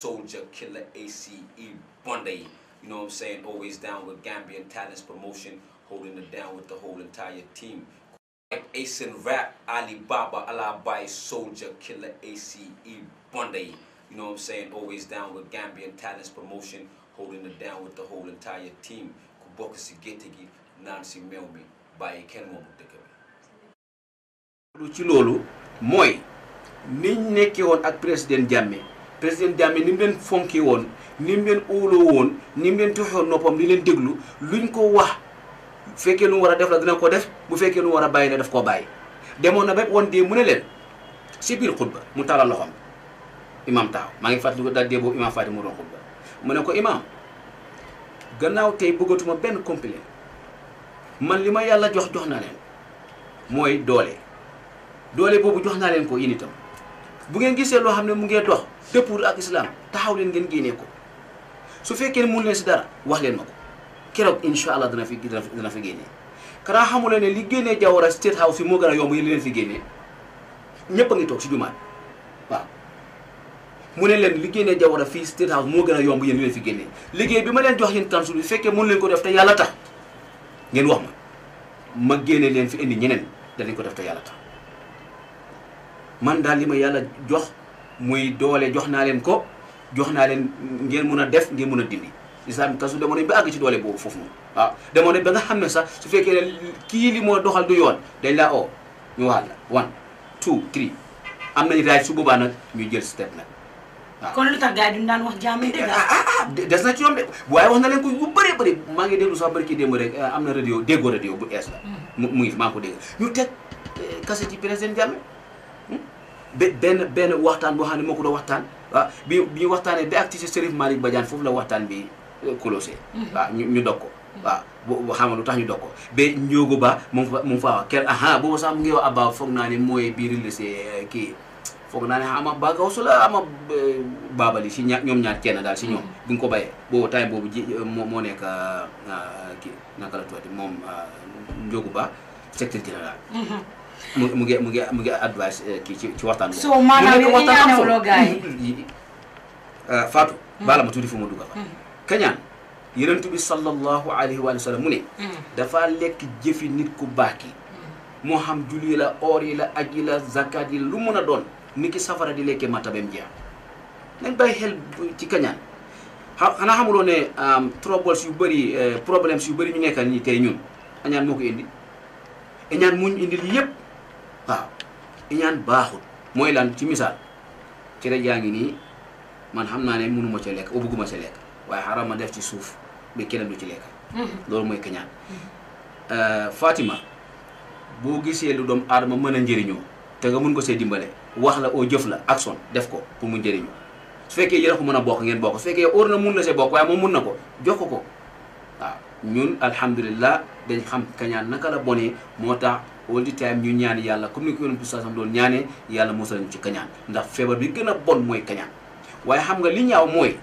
Soldier Killer ACE Bundy. You know what I'm saying? Always down with Gambian Talents Promotion, holding it down with the whole entire team. Ace and Rap, Alibaba, Alabai, Soldier Killer ACE Bundy. You know what I'm saying? Always down with Gambian Talents Promotion, holding it down with the whole entire team. Kuboka Sigetigi, Nancy Melby, Baye Kenmo Mudekebe. Lu ci lolu moy président Jammeh président Jammeh ni mu leen fonkee woon ni mu leen óoloo woon ni mu leen joxoon noppam di leen déglu luñ ko wax fekkee lu war a def la dina ko def bu fekkee lu war a bàyyi ne daf koo bàyyi. demoon na bépp wan dee mu ne leen si biir xutba mu tàllal loxoom imaam taxaw maa ngi fàttaliku daal dee boobu imaam Faati mu doon xutba mu ne ko imaam gannaaw tey bëggatuma benn complet man li ma yàlla jox jox naa leen mooy doole doole boobu jox naa leen ko yéen itam bu ngeen gisee loo xam ne mu ngee dox dëppul ak islam taxaw leen ngeen génnee ko su fekkee mun leen si dara wax leen ma ko keroog incha allah dana fi dana fi génnee karaa xamu leen ne li génnee Jawhara State House fi moo gën a leen fi génnee ñëpp a ngi toog si waaw mu ne leen li génnee Jawhara fii State House moo gën a yomb yéen leen fi génnee liggéey bi ma leen jox yéen tansul bi fekkee mun leen ko def te yàlla tax ngeen wax ma ma génne leen fi indi ñeneen danañ ko def te yàlla tax man daal li ma yàlla jox muy doole jox naa leen ko jox naa leen ngeen mun a def ngeen mun a dindi islam kasu demoon nañ ba àgg ci doole boobu foofu moom waaw ba nga xam ne sax su fekkee ne kii li moo doxal du yoon dañ la oo ñu wax la one two three am nañ raaj su boobaa nag ñu jël step nag waaw kon tax gars yi duñu daan wax jaam yi dëgg ah, ah, ah, des na ci ñoom de wax na leen ko bu bëree maa ngi déglu sax bëri kii démb eh, am na radio déggoo radio bu ees la mm. mu maa ko dégg ñu teg kase eh, ci président Jammeh benn benn waxtaan boo xam ne moo ko doon waxtaan waaw ah, bi ñu waxtaanee ba ak ci Serif Malick Badiane foofu la waxtaan bi euh, closé waaw mm-hmm. ah, ñu ñu dog ko waaw ah, bu xam lu tax ñu dog ko ba Ndiogo Ba mu fa mu faa wax kenn aha boobu sax mu ngi wax abaa foog naa ne mooy bii relise euh, kii foog naa ne ama bagaw su la ama euh, baabali si ña ñoom ñaar kenn daal si ñoom mm-hmm. bi nga ko bayee boobu time boobu ji moo moo nekk kii naka la tuuti moom Ndiogo Ba secrétaire général mm-hmm. mungkin mungkin mungkin advice eh, ki ci ci so mana yow ñaa tanya wolo gaay fatu mm-hmm. bala ma tuuti fu ma kenyan fa kañaan yonentu bi sallallahu alayhi wa sallam mu mm-hmm. dafa lek jefi nit ku baax ki mm-hmm. xam julli la oor yi la aj yi la zakat yi lu mën a doon safara di Kenyan, matabem jeex nañ bàyyi xel ci kañaan xanaa xamuloo ne troubles yu bëri eh, problèmes yu bëri ñu nekkal nii tey ñun añaan moo indi añaan muñ yépp waaw bahut, baaxut mooy lan ci misaal cere jaa ngi nii man xam naa ne mënuma ca lekk o ca lekk waaye xaram ma def ci suuf bi keneen du ci lekk loolu mooy kañaan fatima boo gisee lu doom aadama mën a njëriñoo te nga mun ko see dimbale wax la oo jëf la son def ko pour mu njëriñoo su fekkee yéen ko mën a bokk ngeen bokk su fekkee mun la see bokk waaye moom mun na ko jox ko ko waaw ñun alhamdulillah dañ xam kañaan naka la bonee moo all the time ñu ñaan yàlla comme ni ko yonent bi saasam doon ñaanee yàlla musal ci kañaan ndax feebar bi gën a bon mooy kañaan waaye xam nga li ñaaw mooy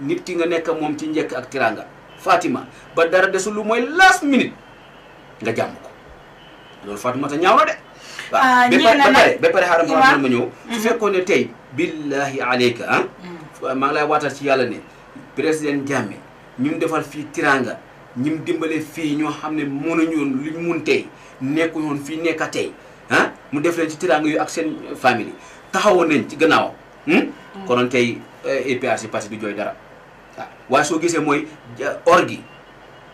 nit ki nga nekk moom ci njëkk ak tiranga Fatima ba dara desul lu mooy last minute nga jàmm ko loolu Fatima ta ñaaw na de ah, waaw ba pare ba pare xaaral ma ma ñëw su mm-hmm. fekkoon ne tey billahi aleyka ah mm. maa ngi lay waatal ci yàlla ne président Jammeh ñu defal fii tiranga ñi mu dimbale fii ñoo xam ne moo woon lu ñu mun tey nekkuñu woon fii nekka tey ah mu def leen ci tiraanga yu ak seen famille taxawoon nañ ci gannaawam. Hmm? Mm. konoon tey eh, APRC parce du jooy dara waaw waaye soo gisee mooy or gi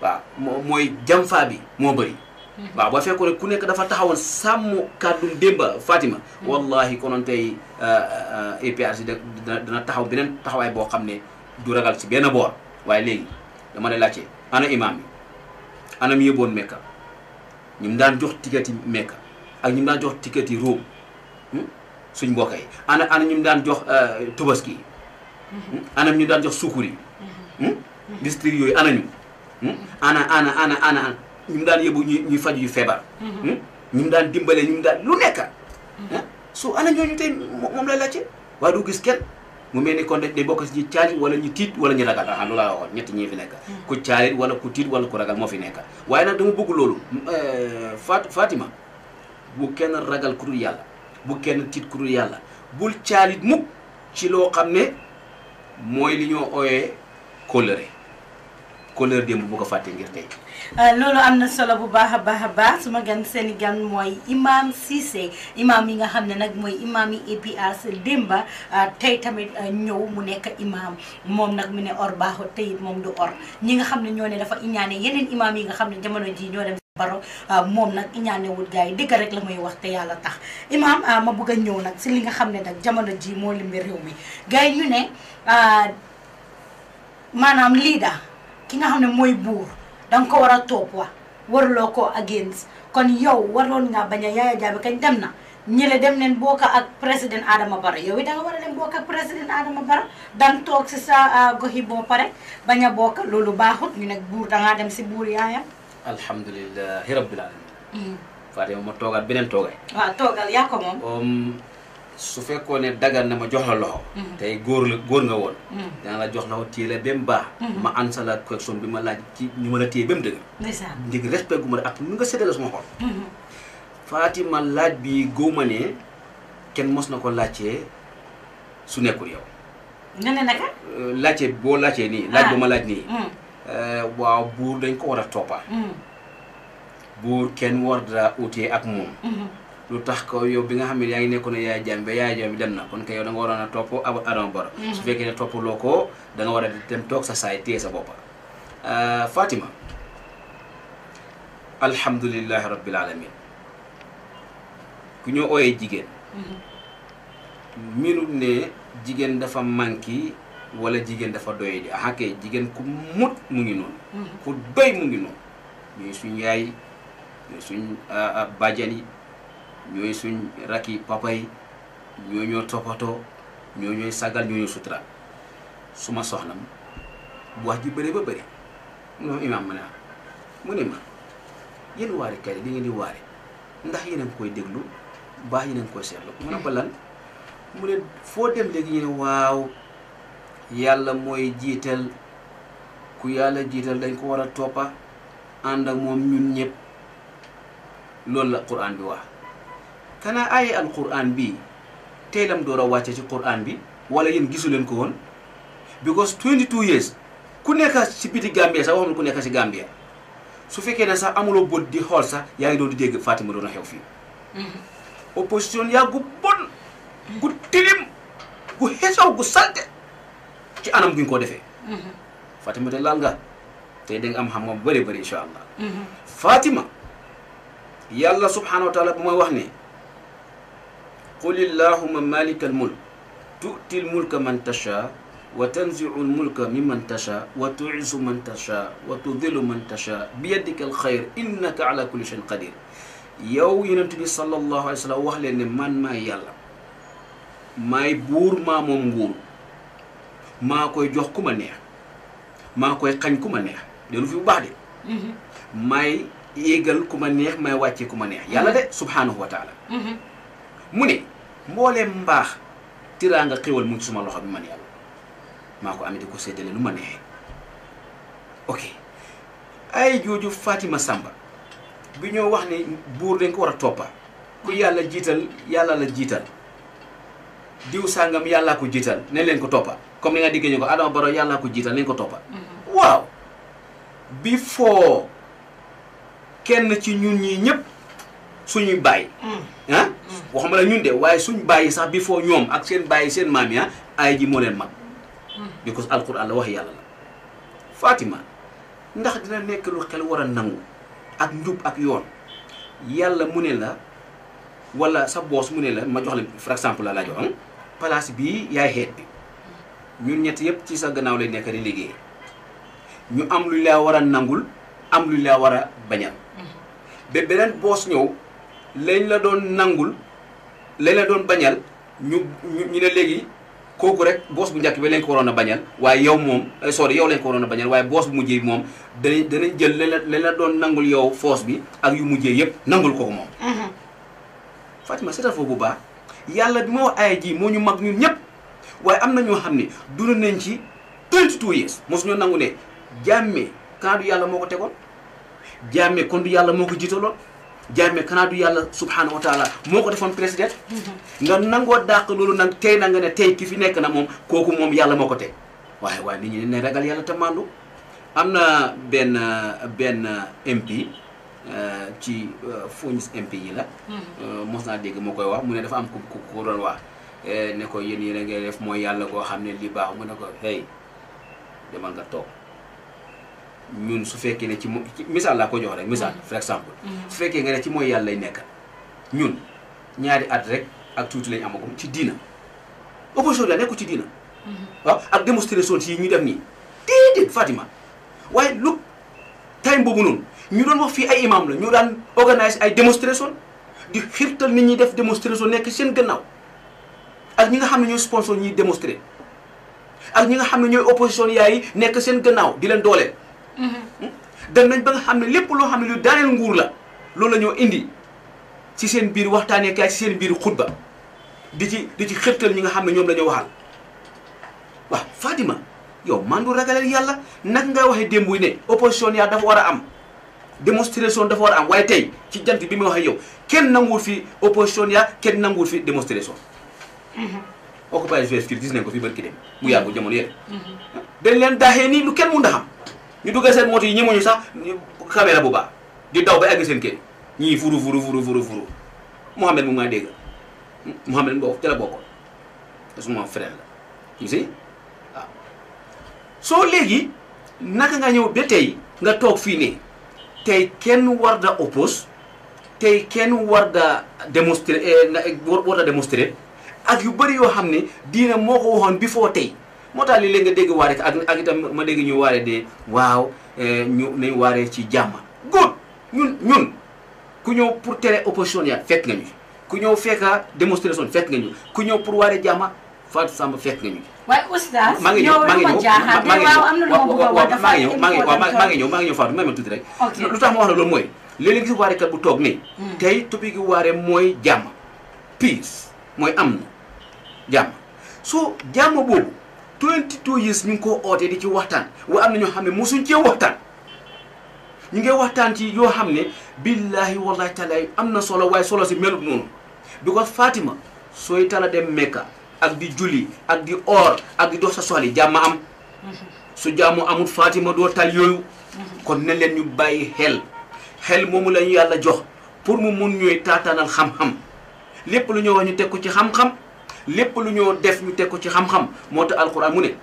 waaw mooy jamfaa bi moo bëri. Mm. waaw ba fekkoon ne ku nekk dafa taxawoon sàmm kàddum démba Fatima. Mm. wallahi konoon tey eh, eh, APRC dina dana taxaw beneen taxawaay boo xam ne du ragal ci benn boor waaye léegi. dama lay laajte ana imaam yi ana mi yóbboon Mekka ñu mu daan jox ticket yi Mekka ak ñu mu daan jox ticket yi hmm? suñ mbokk yi ana ana ñu mu daan jox euh, Tabaski hmm? ana ñu daan jox sukkur yi hmm? district yooyu ana ñu ana ana ana ana ñu mu daan yóbbu ñuy faj yu feebar ñu mu daan dimbalee ñu mu daan lu nekk su ana ñooñu tey moom lay laajte waaye du gis kenn mu mel ni kon day bokk si ñi caali wala ñu tiit wala ñu ragal ah loolu laa waxoon ñett ñii fi nekk ku caalit wala ku tiit wala ku ragal moo fi nekka waaye nag dama bëgg loolu euh, Fat Fatima bu kenn ragal ku dul yàlla bu kenn tiit ku dul yàlla bul caalit mukk ci loo xam ne mooy li ñoo ooyee kóllëre kóllëre démb bu ko fàtte ngir tey Euh, loolu am na solo bu baax a baax a baax su ma gan seeni i gan mooy imam Ceesay imaam yi nga xam ne nag mooy imam yi APRC démba euh, tey tamit euh, ñëw mu nekk imam moom nag mu ne or baaxut te moom du or ñi nga xam ne ñoo ne dafa iñaane yeneen imam yi nga xam ne jamono ji ñoo dem baro moom nag iñaane wut yi dëgg rek la muy wax te yàlla tax imam ma bëgg a ñëw nag si li nga xam ne nag jamono ji moo limbi réew mi gars yi ñu ne maanaam leader ki nga xam ne mooy buur danga ko war a toog wa waruloo ko against kon yow war waroon nga bañ a Yaya Jammeh kañ dem na ñële dem neen bokk ak président Adama Barrow yow it danga war a dem bokk ak président Adama Barrow dan toog si sa ah, goxi boo pare bañ a bokk loolu baaxul ñu nekk buur dangaa dem si buur yaayam. alhamdulilah rabbil alamin. Mm. Fatou ma toogaat beneen toogaay. waaw toogal yaa ko moom. Um, su fekkoon ne dagan na ma jox la loxo. Mm-hmm. tey góor la góor nga woon. Mm-hmm. dana la jox loxo téye la ba mu baax. Mm-hmm. ma an sa la correction bi ma laaj ci ñu ma la téye ba mu dëgg. ma ak bi góob ma kenn mos na ko laajtee su nekkul yow. nga euh, boo laajtee nii. laaj ah. ba ma laaj nii. Mm. Euh, waaw buur dañ ko war a toppa mm. buur kenn war daa utee ak moom. lu tax ko yow bi nga xamni ya ngi nekkuna ne yaay jambe yaay jambe dem na kon kay yow da nga warona top abou adam bor mm-hmm. su fekke ne top loko da nga wara dem tok sa ya say tie sa euh Fatima alhamdulillah rabbil alamin ku ñu ooyee jigen mm-hmm. minut ne jigen dafa manki wala jigen dafa doy di axakee jigen ku mut mu ngi non mm-hmm. ku doy mu ngi non suñ yaay suñ ah, ah, ñoy suñ raki papay ñoy ñoo topato ñoy ñoy sutra, sagal ñoy ñoo sutra suma soxnam bu wax ba bari no imam mana? mune ma ah, yeen waré kay di ngeen di waré ndax yeen a koy deglu ba yeen a koy sétlu mu ne ko lan mu ne dem léegi ñu ne waaw yàlla mooy ku yalla jital dañ ko wara topa ñun lool la quran bi wax kanaa aaye alquran bi tey lam door a wàcce ci quran bi wala yéen gisu leen ko woon because 22 years ku nekk si biti Gambia sax waxuma ku nekk si Gambia su fekkee ne sax amuloo bët di xool sax yaa ngi doon di dégg Fatima doon a xew fii. Mm-hmm. opposition yaa gu bon. gu tilim gu xesaw gu salte ci anam gi ko defee. Mm-hmm. Fatima de laal nga tey da am xam-xam bu bëri bëri incha allah. Mm-hmm. Fatima yàlla subhanahu wa taala bu wax ne. qul illahuma malika al mulk tu'ti al mulka man tasha wa tanzi'u al mulka mimman tasha wa tu'izzu man tasha wa tudillu man tasha bi yadika al xayr innaka ala kulli shay'in qadir yow yonent bi sallallahu alayhi wa sallam wax leen ne man maay yàlla maay buur maa moom nguur maa koy jox ku ma neex maa koy xañ ku ma neex delu fi bu baax de mm-hmm. maay yéegal ku ma neex maay wàcce ku ma neex yàlla de subhanahu wa taala mm-hmm. mune mbole mbax tira nga xewal mun suma loxo bi man yalla mako amé di lu ok ay joju fatima samba bi ñoo wax ni topa, dañ ko wara topa ku yalla jital yalla la jital diw sangam yalla ko jital ne leen ko topa comme ni nga diggee ñuko adam baro yalla ko jital nañ ko topa mm-hmm. wow before kenn ci ñun ñi ñep suñuy bay mm. hein ah? waxuma la ñun de waaye suñ bàyyi sax bi foo ñoom ak seen bàyyi seen maam yi ay ji moo leen mag because alquran la wax yàlla la Fatima ndax dina nekk lu xel war a nangu ak njub ak yoon yàlla mu ne la walla sa boos mu ne la ma jox la par exemple la jox am bii yaay xeet bi ñun ñett yëpp ci sa gannaaw lay nekk di liggéey ñu am lu laa war a nangul am lu laa war a bañal mm-hmm. ba beneen boos ñëw lañ la doon nangul lañ la doon bañal ñu ñu ne léegi kooku rek boos bu njëkk bi lañ ko waroon a bañal waaye yow moom eh, sori yow lañ ko waroon a bañal waaye boos bu mujjee moom danañ danañ jël lañ la lañ doon nangul yow foos bi ak yu mujjee yëpp nangul ko ko moom. Mhm. ma seetal foofu bu baax yàlla bi ma wax aaya moo ñu mag ñun ñëpp waaye am na ñoo xam ne dund nañ ci 22 years mosu ñoo nangu ne jàmme kan du yàlla moo ko tegoon jàmme kon du yàlla moo ko jiitaloon. jaame kanaa du yàlla subhanahu wa taala moo ko defoon président nga nangoo dàq loolu nag tey na nga ne tey ki fi nekk na moom kooku moom yàlla moo ko teg waaye waaye nit ñi ne ragal yàlla te am na benn benn MP euh, ci euh, Foundiougne MP yi la hmm. mos naa dégg moo koy wax mu ne dafa am ku ku doon wax euh, ne ko yéen yéen a ngay mooy yàlla koo xam ne li baax mu ne ko hey demal nga toog ñun su fekkee ne ci mu misaal laa ko jox rek misaal mm. par exemple. Mm. su fekkee nga ne ci mooy yàlla lay nekk ñun ñaari at rek ak tuuti lañ amagum ci diina opposition la nekkul ci diina. Mm-hmm. waaw ak démonstration yi ñu def nii Fatima waaye lu boobu noonu ñu doon wax fii ay imam la ñu daan organise ay démonstration di xirtal nit ñi def démonstration nekk seen gannaaw ak ñi nga xam ne ñooy sponsor ñuy démonstrer ak ñi nga xam ne ñooy opposition yaay nekk seen gannaaw di leen dooleel. dem nañ ba nga xam ne lépp loo xam ne lu daaneel nguur la loolu la ñoo indi ci seen biir waxtaanee kaay ci seen biir xutba di ci di ci xërtal ñi nga xam ne ñoom la ñu waxal waaw Fatima yow man du ragaleel yàlla naka nga waxee démb yi ne opposition yaa dafa war a am démonstration dafa war a am waaye tey ci jant bi ma waxee yow kenn nanguwul fi opposition yaa kenn nanguwul fi démonstration. occupation gis nañ ko fi barki dem mu yàggu jamono yële. Mm-hmm. dañ leen daaxee nii lu kenn mun a xam. ñu duggee seen moto yi ñemuñu sax caméra bu baax di daw ba egg seen kër ñii furu furu furu furu furu Mouhamed mu may dégg Mouhamed boo ci bokkoon ah. soo léegi naka nga ñëw ba tey nga toog fii ne tey kenn war da oppose tey kenn war da démonstré eh, war da démonstré ak yu bari yoo xam ne diina moo ko waxoon bi foo tey moo tax li léegi nga dégg waare ak ak itam ma dégg ñu waare de waaw eh, ñu nañ waaree ci jàmm good ñun ñun ku ñëw pour tere opposition ya fekk nga ñu ku ñëw fekka démonstration fekk nga ñu ku ñëw pour waaree jàmma Fatou Samba fekk nga ñu. waaye oustaz. maa ngi ñëw maa ngi ñëw maa ngi ñëw maa ngi ñëw maa ngi ñëw maa ngi ñëw Fatou may ma tuuti rek. lu tax ma wax la loolu mooy léeg-léeg gis waarekat bu toog nii. Hmm. tey topic gi waare mooy jàmm am na jàmm 22 years ñu ngi koo ootee di ci waxtaan wa am na ñoo xam ne mosuñ cee waxtaan ñi ngi waxtaan ci yoo xam ne billaahi wallaahi talaay am na solo waaye solo si melut noonu because Fatima sooy tala dem Mekka ak di julli ak di oor ak di dox sa soxla jàmm am su jàmmu amul Fatima doo tal yooyu kon ne leen ñu bàyyi xel xel moomu la ñu yàlla jox pour mu mun ñooy taataanal xam-xam lépp lu ñu wax ñu teg ci xam-xam lépp lu ñoo def ñu teg ko ci xam-xam moo tax alquran mu ne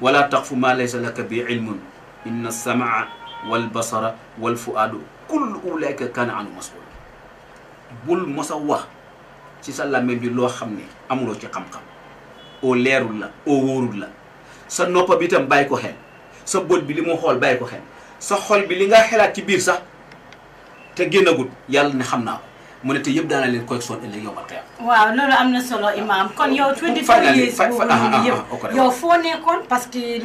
wala taqfu ma laysa laka bi ilmun inna as-sam'a wal basara wal fuaadu kullu ulaika kana anu masul bul mos a wax ci sa làmmiñ bi loo xam ne amuloo ci xam-xam oo leerul la oo wóorul la sa noppa bi itam bàyyi ko xel sa bët bi li mu xool ko xel sa xol bi li nga xelaat ci biir sax te génnagut yàlla ne xam ko mu ne te yëpp daana leen koy son ëllëg yow ataya waaw loolu am na solo imam kon yow 24 years yow foo nekkoon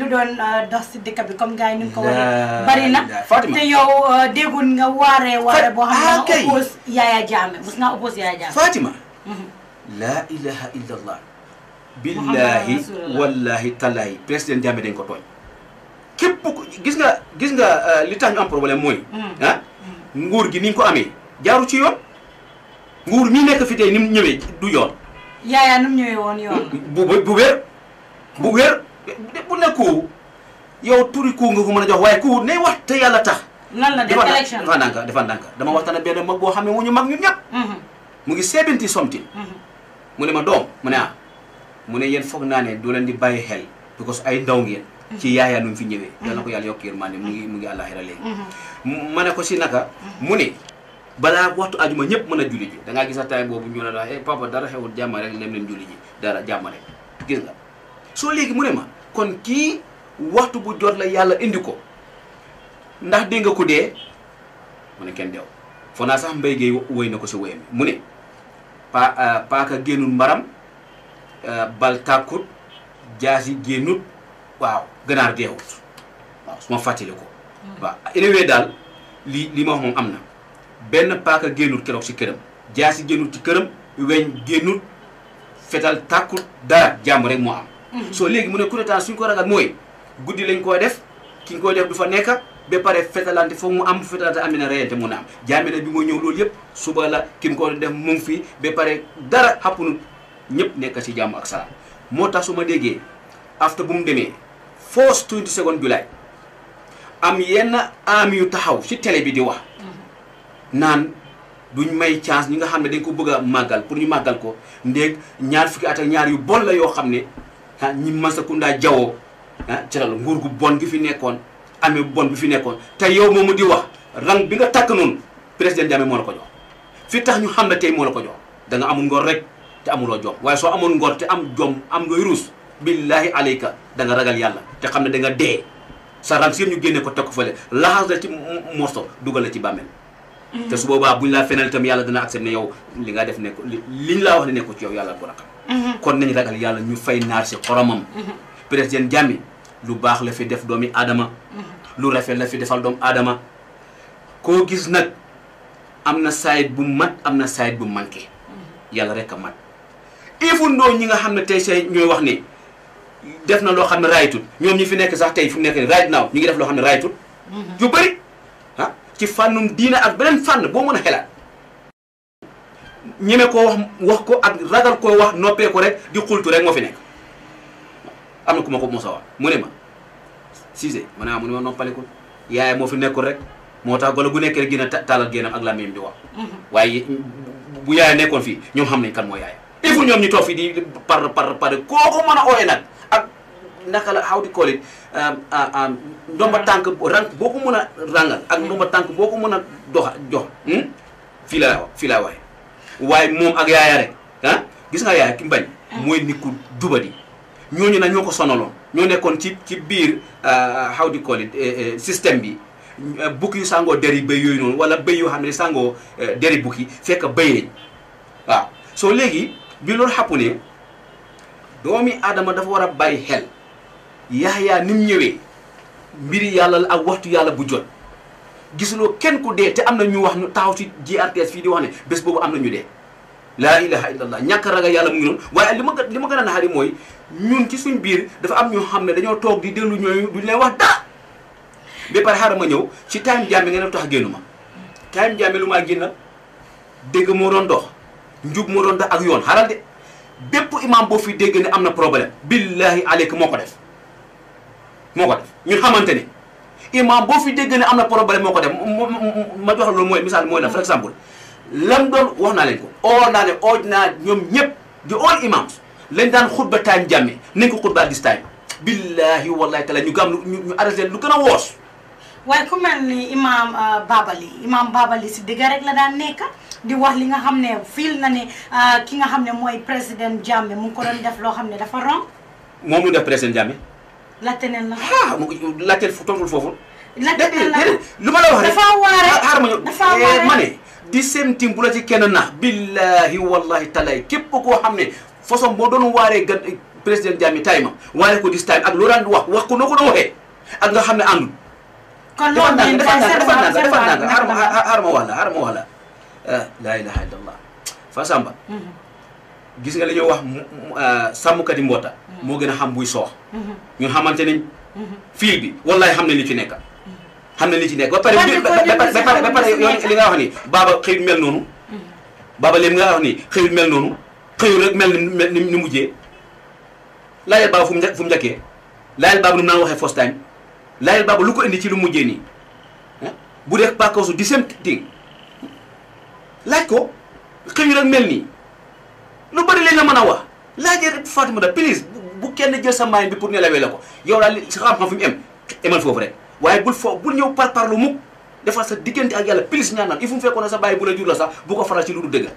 lu doon euh, dox si bi comme gars yi ko waxee bari na yow euh, déggul nga waaree waare boo xam nga ah, oppose Yaya Jammeh mos nga oppose Yaya Jammeh Fatima mhm. laa ilaha illa wallahi talahi président Jammeh dañ ko tooñ gis nga gis nga euh, li tax ñu am problème mooy mm. Ah, mm. nguur gi ni ko ame jaaru ci yoon nguur mii nekk fi tey ni mu ñëwee du yoon. yaayaa nu mu ñëwee woon yoon. bu bu bu wér bu wér bu nekkoo yow turi ku nga ko mën a jox waaye ku ne wax te yàlla tax. lan la def élection dafa ndànk dafa ndànk dama waxtaan ak benn mag boo xam ne ñu mag ñun ñëpp. Mm-hmm. mu ngi seebinti somti. Mm-hmm. mu ne ma doom mu ne ah mu ne yéen foog naa ne doo leen di bàyyi xel because ay ndaw ngeen. Mm-hmm. ci yaayaa fi ñëwee. yal ko yàlla yokk yërmande mu ngi mu ngi àllaaxira ma ne ko si naka mu ne. balaa waxtu ajuma ñëpp mën a julli ji da ngaa gis time boobu ñu ne la eh papa dara xewul jàmm rek lem leen julli ji dara jàmm soo léegi mu ne ma kon kii waxtu bu jot la yàlla indi ko ndax dégg nga ko dee mu ne kenn deew foo naa sax mbay géey woy na ko si woyam mu ne pa euh, paaka génnul mbaram euh, bal tàkkut jaasi génnut waaw ganaar deewut waaw su ma fàttali ko mm. waaw anyway daal li li ma wax am na benn paaka génnul keroog ci këram si génnul ci këram weñ génnul fetal tàkkul dara jàmm rek moo am. Mhm. soo léegi mu ne Kurétaan suñ ko ragal mooy guddi lañ koy def ki ñu koy def du fa nekk ba pare fetalante foog mu am fetalante am na reyante mun na am jaamina bi mooy ñëw loolu yëpp suba la ki mu def mu ngi fii ba pare dara xappunut ñëpp nekk si jàmm ak salaam moo tax su ma déggee after bu mu demee force 22 July am yenn am yu taxaw si télé bi di wax. Mhm. nan duñ may chance ñi nga xamne dañ ko bëgg magal pour ñu magal ko ndek ñaar fukki at ak ñaar yu bon la yo xamne ñi ma sa kunda jawo ci nguur gu bon gi fi nekkon amé bon bi fi nekkon tay yow momu di wax rang bi nga tak nun president jame mo la ko jox fi tax ñu xamne tay mo la ko jox da nga amul ngor rek te amuloo jom waaye so amul ngor te am jom am nga ruus billahi alayka da nga ragal yalla te xamne da nga dé sa rang si ñu génne ko teg ko ci morso dugal ci bamel te su boobaa buñ laa fenal itam yàlla dana accepté ne yow li nga def nekk liñ laa wax ne nekku ci yow yàlla ko raqam mhm. kon nañ ragal yàlla ñu fay naar si xoromam mhm. président Jammeh lu baax la fi def doomi aadama mhm. lu rafet la fi defal doomu aadama koo gis nag am na sayit bu mat am na sayit bu manqué yàlla rek a mat ifundoo ñi nga xam ne tey say ñooy wax ne def na loo xam ne raaytut ñoom ñi fi nekk sax tey fu mu nekk raayt naaw ñu ngi def loo xam ne raaytut yu bëri ci fànnum diina ak beneen fànn boo mën a xelaat ñeme koo wax wax ko ak ragal koo wax noppee ko rek di xultu rek moo fi nekk am na ku ma ko mos a wax mu ne ma sise ma ne ah mu ne ma noppalikul yaay moo fi nekkul rek moo tax gola gu nekk rek gën a taalal génnam ak làmmiñam di wax mm-hmm. waaye bu yaay nekkoon fii ñoom xam nañ kan moo yaay il faut ñoom ñu toog fii di par par par koo mën a ooyee nag naka la um, uh, um, tànk rank boo ko mën a rangal ak ndomba tànk boo ko mën a doxa jox fii hmm? la fii laa waaye moom ak yaaya rek ah? gis nga yaaya ki mbañ ah. mooy nit ku jubadi ñooñu nag ñoo ko sonaloon ñoo nekkoon ci ci biir uh, how to call it eh, eh, système bi uh, bukki yu sàngoo deri bëy yooyu noonu wala bëy yoo xam ne sàngoo eh, deri bukki fekk bëy lañ waaw soo léegi bi loolu xappu ne doomi aadama dafa war a bàyyi xel yaxyaa ni mu ñëwee mbiri yàlla la ak waxtu yàlla bu jot gisuloo kenn ku dee te am na ñu wax nu taxaw ci GRTS fii di wax ne bés boobu am na ñu dee laa ilaha illallah ñàkk ragal yàlla mu ngi noonu waaye li ma li ma gën a naxari mooy ñun ci suñ biir dafa am ñoo xam ne dañoo toog di déglu ñooñu ñu leen wax dara ba pare xaaral ma ñëw ci time jàmmi nga ne tax génnu ma time jàmmi lu maa génn dégg moo doon dox njub moo doon ak yoon xaaral de bépp imaam boo fi dégg am na problème billahi aleyka moo ko def moo ko def ñu xamante ni imam boo fi dégg ne am na problème moo ko def ma jox la loolu mooy misaal mooy la par exemple lan doon wax naa leen ko oo naa ne ooj naa ñoom ñëpp di all imam lañ daan xutba time jàmme nañ ko xutba this time billahi wallahi taala ñu gam ñu arrêté lu gën a woos waaye ku mel ni imaam euh, Babali imaam li si digga rek la daan nekk di wax li nga xam ne fiil na ne euh, ki nga xam ne mooy président Jammeh mu ngi ko doon def loo xam ne dafa romb moom mu def président laajte neen la. ah laajteel fu tontul foofu. laajte neen la lu ma la wax rek. dafa waare ah, xaaral ma ñëw dafa waare eh, ma ne. di seen tim bu la ci kenn nax. billahi wallahi talaay képp koo xam ne façon boo doon waaree gan eh, président Jammeh taay ma waaree ko dis taay ak loo daan wax wax ko noo ko doon waxee ak nga xam ne àndul. kon loolu dañuy defar naa defar naa defar naa xaaral ma xaaral ma wax la xaaral ma wax la. Ah, laa ilaha illallah Fa Samba. Mhm. gis nga li ñuy wax euh, sàmmkati mboota. Mm-hmm. moo gën a xam buy soox. Mm-hmm. ñu xamante ne mm-hmm. fil bi wallahi xam ne li ci nekk. xam ne li ci nekk ba pare li nga wax ni baaba xëy mel noonu. baaba léegi nga wax ni xëyul mel noonu xëyul rek mel ni ni mujjee laajal baaba fu mu fu mu njëkkee laajal baaba nu mu naan waxee first time laajal baaba lu ko indi ci lu mujjee nii bu dee pas cause du same thing laaj ko xëyul rek mel nii. lu bëri lañ la mën a wax laajee Fatimata please bu kenn jël sa maay bi pour ñu lawee la ko yow daal sa xam-xam fi mu em emal foofu rek waaye bul foo bul ñëw par par lu mukk defal sa diggante ak yàlla please ñaanal il faut mu fekkoon ne sa bàyyi bu la jur la sax bu ko faral ci lu du dëgg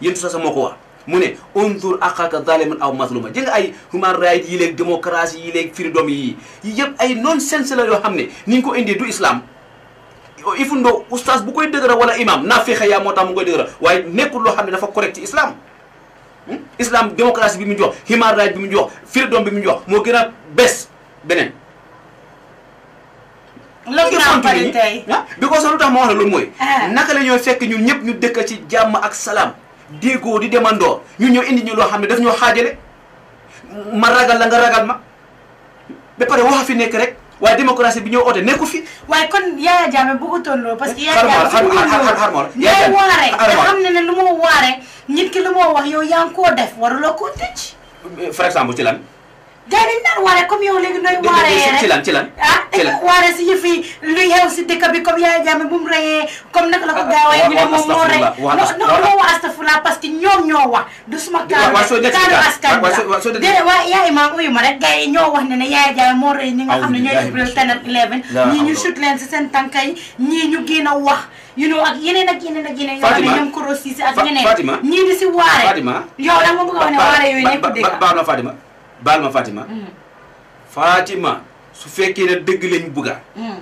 yéen sa sa moo ko wax mu ne unzur axaaka zaliman aw mazluma ji nga ay human rights yi léeg démocratie yi léeg freedom yi yi yëpp ay nonsense la yoo xam ne ni nga ko indi du islam ifundo oustaz bu koy dëgëral wala imam naa fexe yaa moo tax mu koy dëgëral waaye nekkul loo xam ne dafa correct ci islam Hmm? islam démocratie bi mu jox human right bi mu jox freedom bi mu jox moo gën a bes beneen. loolu naa bëri tey ah? bi ko sax lu tax ma wax la loolu mooy. Ah. naka la ñoo fekk ñun ñëpp ñu dëkk ci jàmm ak salaam. déggoo di demandoo ñun ñoo indi ñu loo xam ne daf ñoo xaajale ma ragal la nga ragal ma ba pare wax fi nekk rek waaye démocratie bi ñoo oote nekku fi. waaye kon Yaya Jammeh bu utoon loolu. parce que Yaya Jammeh xar xar xar waare te xam ne ne lu ma waare nit ki lu ma wax yow yaa ngi koo def waruloo koo tëj. Euh, par exemple ci lan. dañu naan waare comme yow léegi nooy ah eh, waare si yëf yi luy si dëkk bi comme yaay jaame bu mu reyee comme la ko gaawee ñu ne moom moo rey non non waa parce que ñoom ñoo wax du suma kaaru kaaru askan la déedéet waa yaa imaam uyu ñoo wax ne nga tenat eleven ñu sut leen si seen ñu wax you know ak yeneen ak yeneen ak yeneen yoo xam ne ñoom korosisi ak ñeneen di si waare yow da nga bëgg a wax baal ma Fatima. Mm. Fatima su fekkee ne dëgg lañ bugga mm.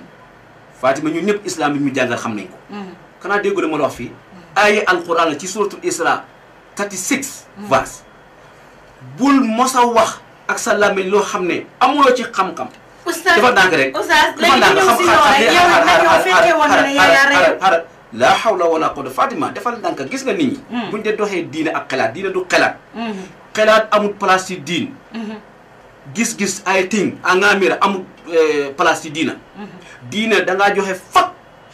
Fatima ñun ñëpp islam bi ñu jàngal xam nañ ko. Mm. xanaa déggu ma la wax fii. ay alquran la ci suratul isra 36 verse bul mos a wax ak sa làmmiñ loo xam ne amuloo ci xam-xam. dafa ndànk rek dafa ndànk xam xam laa hawla wala quwwata Fatima defal ndànk gis nga nit ñi. buñ dee doxee diine ak xelaat diine du xelaat. xelaat amul place ci diin mhm. gis-gis ay ting angaamira amul eh, place ci diina mhm. diina dangaa joxe fat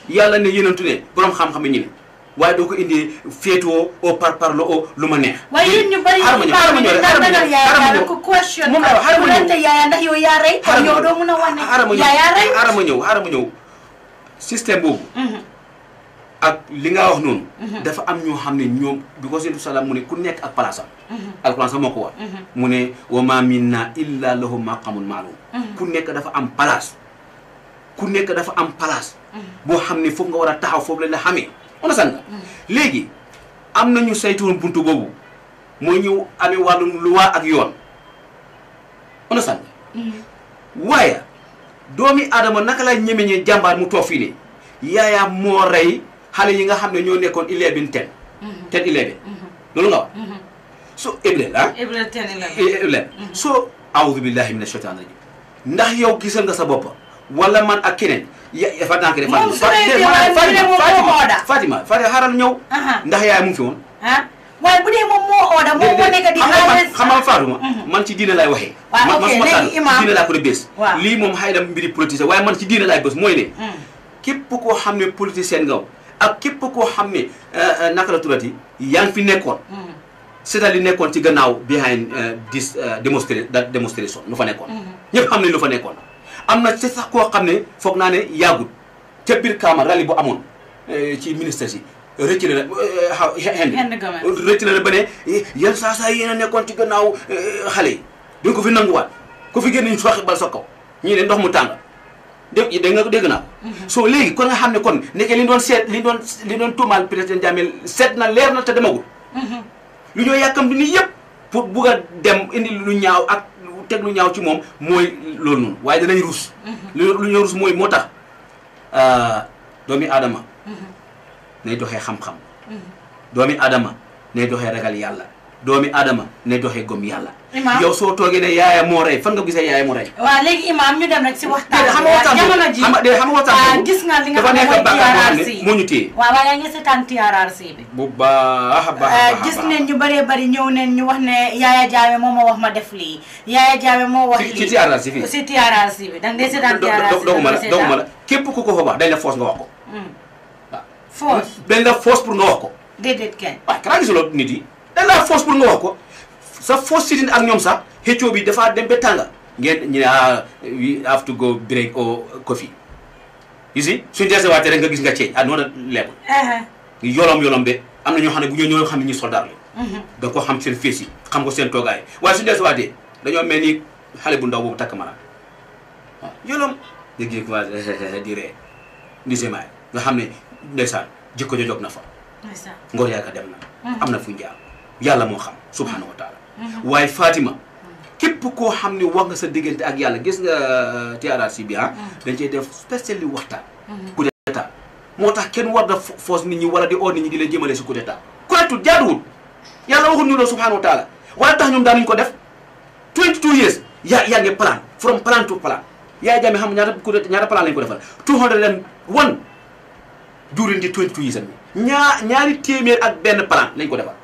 yàlla ne yenentu ne boroom xam-xam ñi ne waaye doo ko indi féetoo oo par parlo oo lu ma neex. waaye yéen ñu bari a wane. xaaral ma ñëw yaaya ak li nga wax noonu. Mhm. dafa am ñoo xam ne ñoom bi ko salaam mu ne ku nekk ak palaasam. Mhm. alquran sa moo ko wax. Mhm. mu ne wa maa minna illa lahu ma maalum. ku nekk dafa am palaas. ku nekk dafa am palaas. boo xam ne foofu nga war a taxaw foofu la la xamee. on a léegi am na ñu saytuwoon buntu boobu mooy ñu amee wàllum luwaa ak yoon. on a waaye doomi aadama naka la ñemeñee jàmbaar mu toog fii moo rey. xale yi nga xam ne ñoo nekkoon eleven ten mm-hmm. ten eleven mm-hmm. loolu nga wax mm-hmm. so eble la eble ten eleven so aoudu billahi min ashaitan rajim ndax yow gisal nga sa bopp wala man ak keneen ya fa tànk de Fatima Fatima Fatima a ñëw ndax yaay mu ngi fi woon waaye bu dee moom moo ooda moom moo nekk di xam nga Faatuma man ci diine laay waxee waaw ok léegi imaam diine laa ko de bés lii mbiri politicien waaye man ci diine laay bés mooy ne mm. képp koo xam ne politicien nga ak képp koo xam ne euh, euh, naka la turati yaa ngi fi nekkoon. Mm. cest nekkoon ci gannaaw behind euh, this démonstration that démonstration lu fa nekkoon. Mm-hmm. ñëpp xam nañ lu fa nekkoon. am na ci sax koo xam ne foog naa ne yàggul ca biir Kaama rali bu amoon ci ministère yi retiré na ba ne eh, yan saa saa yéen nekkoon ci gannaaw xale yi. duñ ko fi nanguwaat ku fi génn ñu soxibal sa kaw ñii ne ndox mu tàng. dé dégg nga dégg naa mm-hmm. soo léegi kon nga xam ne kon nekkee li doon seet li doon li doon tuumaal président Jammeh seet na leer na te demagul mm-hmm. lu ñoo yàkkam du ni yëpp pour bugg dem indi lu ñaaw ak teg lu ñaaw ci moom mooy loolu noonu waaye danañ ruus mm-hmm. lu ñoo ruus mooy moo tax euh, doomi aadama nay doxee xam-xam doomi aadama nay doxee ragal yàlla doomi adama ne doxé gom yalla yow so togué né yaaya mo ray fan nga gissé yaaya mo ray wa légui imam ñu dem rek ci waxtaan xam waxtaan jamono ji xam waxtaan gis nga li nga xam mooy TRRC mo ñu téye waaw waaye yaa ngi seetaan TRRC bi bu baax a euh, baax gis né ñu bari bari ñew né ñu wax né yaaya jaawé moo ma wax ma def li yaaya jaawé mo wax li ci ci bi si TRRC bi da ngay doguma la doguma la képp ku ko fa wax dañ la force nga wax ko hmm. force dañ la force pour nga wax ko déedéet kenn waaw kan lo nit la ngaa force pour nga ko sa force sitting ak ñoom sax xëccoo bi dafaa dem ba tànga ngeen ñu ne ah we have to go break or coffee you see suñu dese waatee rek nga gis nga ceeñ ah noonu lekkul yolom yolom be xam ne bu ñoo ñoo xam ñu soldat da mhm. ko xam xam ko seen toogaay waaye suñu dese waatee dañoo mel ni xale bu ndaw boobu takk mara ah, waaw di ree di semaay nga xam ne ndeysaan jikko jo jog na fa ngor yaaka dem na mhm. am na fu njaam yàlla moo xam subhanahu wa taala mhm. waaye Fatima képp koo xam ne wax nga sa diggante ak yàlla gis nga euh, tiarar si bi ah mhm. dañ cey def spécial li waxtaan mhm. coup d'état moo tax kenn war da foos nit ñi wala di oo nit ñi di leen jëmale si coup d'état correctul jaaduwul yàlla waxul ñu loolu subhanahu wa taala waaye tax ñoom daanuñu ko def 22 years yaa yaa ngi plan from plan to plan yaa jaame xam ñaata coup d'état ñaata plan lañ ko defal 201 during the 22 years ñaa ñaari téeméer ak benn plan lañ ko defal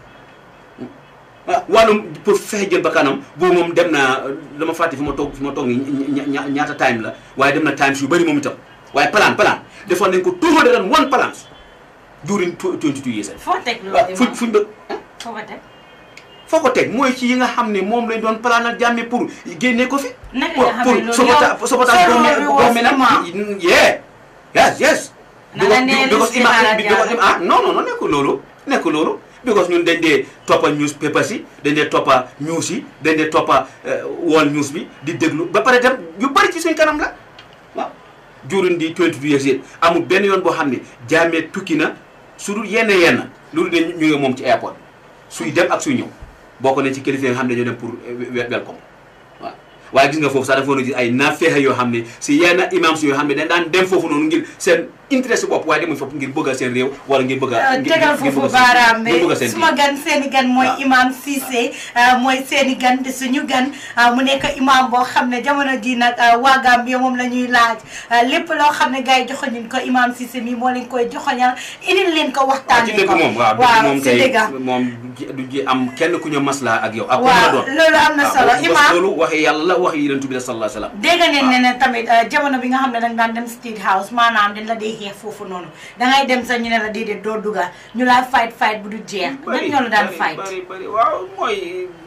wàllum pour fexe jël bakkanam boobu moom dem na dama fàtte fi ma toog fi ma toog nii ñaata time la waaye dem na times yu bëri moom itam waaye plan plan defoon nañ ko toujours de ren one plan during twenty two years. foo teg loolu ah, fuñ fuñ foo ko teg. foo ko teg mooy ci yi nga xam ne moom lañ doon plan ak jàmme pour génne ko fi. naka nga xamee loolu yow pour sobotage boobu yee yes yes. na la nee lu si xalaat yàlla because non ah, non loolu nekkul loolu. because ñun dañ dee toppa newspapers yi dañ dee toppa news yi dañ dee toppa eh, wall news bi di déglu ba pare dem yu bari ci suñ kanam la waaw during the 22 years yéen amul benn yoon boo xam ne jaamee tukki na su dul yenn yenn loolu ne ñu ngi moom ci airport suy dem ak suy ñëw bokk nañ ci kilifa yi nga xam ne dañoo dem pour eh, welcome waaw waaye gis nga foofu sax dafa woon a gis ay naafeexe yoo xam ne si yenn imams yoo xam ne dañ daan dem foofu noonu ngir seen intérêt si bopp waaye demuñ fopp ngir bëggal seen réew wala ngir bëggal euh, tegal foofu baaraam bi suma gan seen i gan mooy ah. imam Cissé euh, mooy seen i suñu gan euh, mu nekk imam boo xam ne jamono ji la ñuy laaj lépp loo xam ne gars yi joxoñuñ ko imam Cissé mi moo leen koy waaw ku ñu maslaa ak yow ak waaw loolu am na ah, solo imam loolu waxi yàlla la waxi yonent bi sallallahu alayhi wa sallam dégg ngeen ne ah. ne tamit jamono bi nga xam ne dañ daan dem street house maanaam dañ la dee jeex foofu noonu dangay dem sax ñu ne la déedéet doo dugga ñu laa fight fight bu du jeex ñan ñoo la daan fight bari bari waaw mooy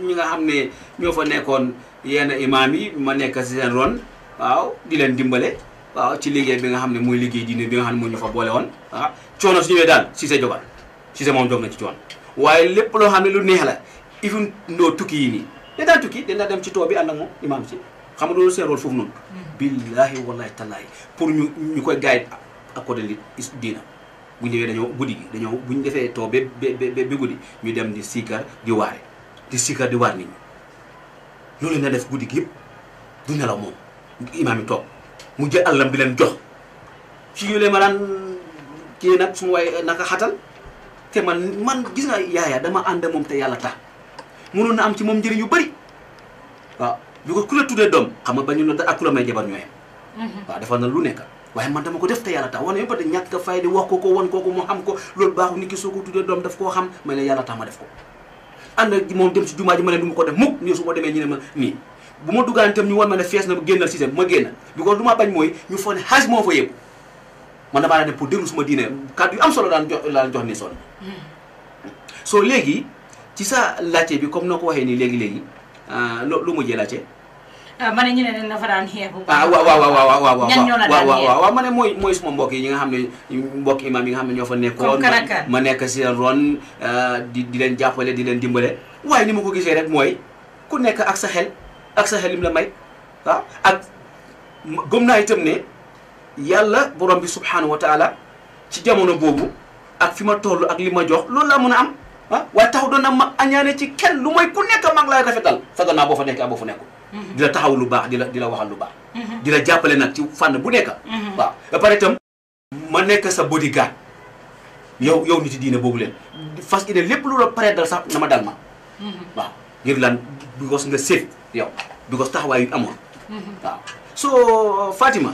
ñi nga xam ne ñoo fa nekkoon yenn imaam yi ma nekk si seen ron waaw di leen dimbale waaw ci liggéey bi nga xam ne mooy liggéey diine bi nga xam ne moo ñu fa boole woon waaw coono su ñëwee daal si sa jogal si sa moom dog na ci coon waaye lépp loo xam ne lu neex la even ndoo tukki yi nii dañ daan tukki dem ci tool bi ànd ak moom imaam si xam accordé li diina bu ñëwee dañoo guddi gi dañoo bu ñu defee too be be ba guddi ñu dem di siikar di waare di siikar di waar nit ñi loolu na def guddi gi yëpp du nelaw moom imaam yi toog mu jël àllam bi jox ci ñu leen ma daan kii nag su ma waaye naka te man man gis nga yaaya dama ànd moom te yàlla tax mënoon na am ci moom njëriñ yu bëri waaw bi tuddee doom xam nga ba ñu ne ak ku la may jabar ñooyam mm-hmm. waaw defal na lu nekk waaye man dama ko def te yàlla tax wane ba de ñàkk a fay di wax ko ko wan kooku mu xam ko loolu baaxul nit ki soo ko tuddee doom daf koo xam ma ne yàlla tax ma def ko moom dem si jumaa ji ma ne du ma ko def mukk ma demee ñu ne ma nii na génnal système bu ma génna bi ko lu ma ñu foog ne xaalis moo fa yëpp man damaa daan pour déglu suma diine kàddu yu am solo daan jox daan jox ni son soo léegi ci sa laajte bi comme noo ko waxee nii léegi-léegi ah, loo lu mujjee laajte Ah, ma ne ñu ne leen dafa daan xeexu. ah waaw waaw waaw waaw waaw. ma mooy mooy suma mbokk yi nga xam ne mbokk imaam yi nga xam ne ñoo fa nekkoon. ma nekk si ron ah, di di leen jàppale di leen dimbale. waaye ni ma ko gisee rek mooy ku nekk ak sa xel ak sa xel lim la may ah, naa itam ne yàlla borom bi subhanahu wa ci jamono boobu ak fi ma toll ak li ma jox loolu la mën a am ah waaye taxu doon na ma añaane ci kenn lu mooy ku nekk maa ngi lay rafetal sagal naa boo fa nekk ak boo fa nekkul di la taxaw lu baax di la di la waxal lu baax mm-hmm. di la jàppale nag ci fànn bu nekk mm-hmm. waaw ba pare ma nekk sa bodyguard yow yow niti diine boobu leen fas ine lépp lu la pare dal sax na ma dal ma mm-hmm. waaw ngir lan because nga seet yow because taxawaay yu amoon waaw soo Fatima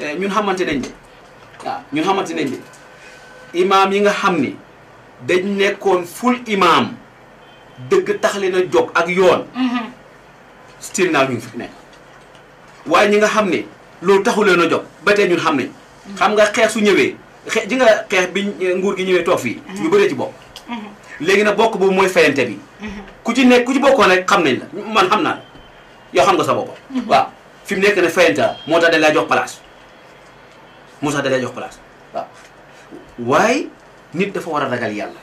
eh, ñun xamante nañ bi waaw ñun xamante nañ de imaam yi nga xam ni dañ nekkoon ful imaam dëgg tax leen a jóg ak yoon still naa ñu ngi fi nekk waaye ñi nga xam ne loolu taxuleen a jóg ba te ñun xam nañ xam nga xeex su ñëwee xeex ji nga xeex bi eh, nguur gi ñëwee toog fii mhm. ñu bëree ci bopp mhm. léegi nag bokk boobu mooy fayante bi mhm. ku ci nekk ku ci bokkoon rek xam nañ la man xam naa la yow xam nga sa bopp waaw fi mu nekk ne fayante la moo tax dañ lay jox place moo tax dañ lay jox place waaw waaye nit dafa war a ragal yàlla